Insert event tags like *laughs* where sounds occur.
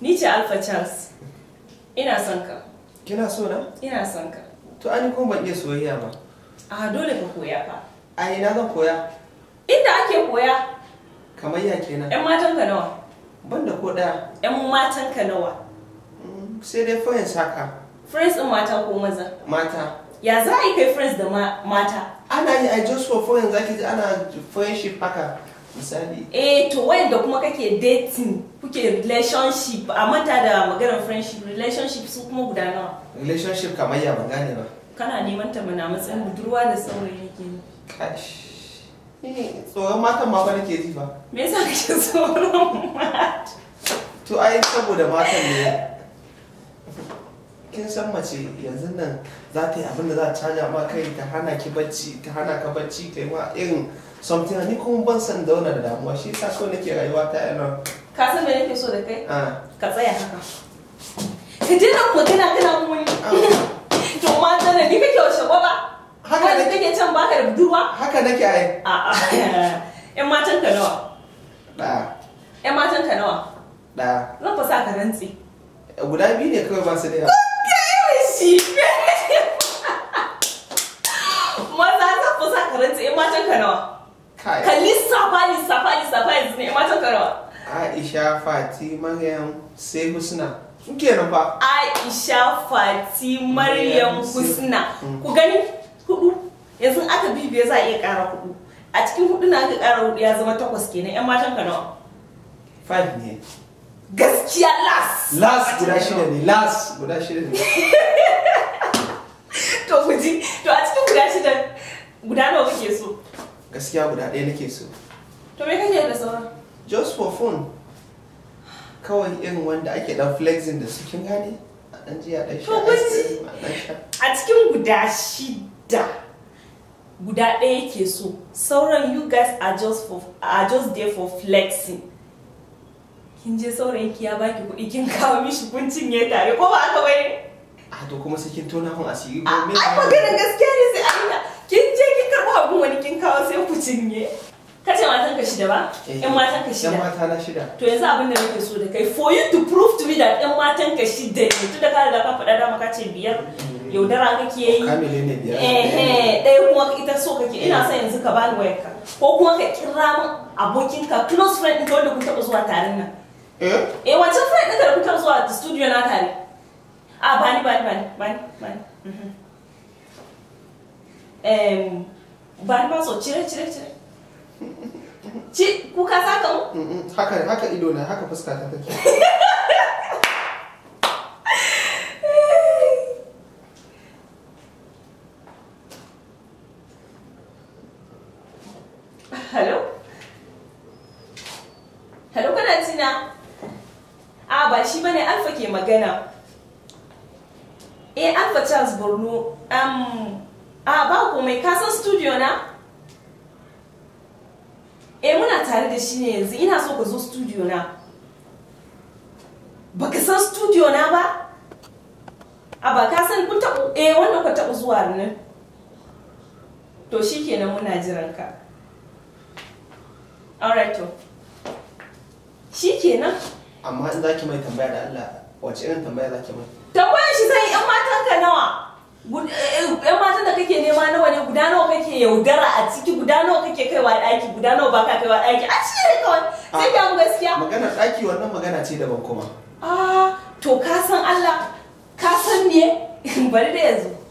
Ni ce Alpha Charles. Ina son ka. Kina so na? Ina son ka. To an kuma ban iya soyayya ba. A ah, dole ka koya fa. A ina zan koya? Inda ake koya. Kamar ya kenan. Yan matan ka nawa? Ban da ko daya. Yan matan ka nawa? Mm, sai dai friends haka. Friends din mata ko maza? Mata. Ya za a yi kai friends da mata? Ana yi a just for friends zaki ji ana friendship haka. misali eh to wayanda kuma kake dating kuke relationship a mata da maganar friendship relationship su kuma guda nawa relationship kamar ya magane ba kana neman ta mana matsayin budurwa da saurayi yake kash eh. tsoron matan ma ba nake ji ba me yasa kake tsoron mata to ai saboda matan ne kin san mace yanzu nan za ta yi abin da za ta caja ma kai ta hana ki bacci ta hana ka bacci ta yi ma irin something ni kuma ban san da wannan damuwa shi yasa so nake rayuwa ta yana ka san me nake so da kai ah. ka tsaya haka ka je dina gina kana muni. Ah. *laughs* to ma tsana ni kake wace ba? haka ne kake can baka da budurwa haka nake ai a a *laughs* yan matan ka nawa da yan matan ka nawa da zan fa sa ka rantsi guda biyu ne kawai ba su da yawa ci maza ta kusa sa ka in matan ka nawa ka lissafa lissafa lissafa yanzu ne in matan ka nawa Aisha Fati Maryam sai Husna su nan ba. Aisha Fati Maryam Husna ku gani hudu yanzu aka bibiye za a iya kara hudu a cikin hudu na aka kara hudu ya zama takwas kenan yan matan ka nawa five ne gaskiya las las guda shida ne las guda shida ne *laughs* ka guji to a cikin guda shida guda nawa kake so gaskiya guda ɗaya nake so to me kake da sauran just for fun kawai irin wanda ake dan flexing da su kin gane a dan ji a dan sha a cikin guda shida guda ɗaya yake so sauran you guys are just for are just there for flexing kin je sauran ki ya baki kuɗi kin kawo mishi kun cinye tare ko ba aka bane to kuma sai kin tona mun asiri ko me ai maganar gaskiya ne sai Allah kin je kin karbo abun wani kin kawo sai ku cinye kace matan ka shida ba yan eh, matan ka shida yan mata na shida to yanzu abin da nake so da kai for you to prove to me that yan matan ka shida ne da ka riga ka faɗa dama ka ce biyar mm. yaudara kake yi kamile ne biyar eh eh kuma ita so kake ina son yanzu ka bani ka ko kuma ka kira min abokinka close friend ɗin wanda ku taɓa zuwa tare nan eh eh wancan friend ɗin da ku taɓa zuwa studio na tare Ah, bani, bani, bani, bani, bani. Um, bani so cire, cire, cire. Ci, kuka saka mu? Haka, haka ido na, haka fuska ta take. Hello? Hello, kana tina? A ah, ba shi bane alfa ke magana. eh alfa charles borno um, a ah, ba ku mai kasan studio na eh muna tare da shi ne yanzu ina so ka zo studio na Ba ka san studio na ba a ah, ba ka san kun taɓa eh wanda ka taɓa zuwa ne to shikenan muna jiran ka alright to shikenan amma in zaki mai tambaya da Allah wace irin tambaya zaki mai maka nawa eh, eh, yan matan da kake nema nawa ne guda nawa kake yaudara a ciki guda nawa kake kaiwa daki guda nawa baka kaiwa daki a ne kawai ah, sai ka gaskiya magana daki wannan magana ce daban kuma ah to ka san Allah ka san ne *laughs* bari da yanzu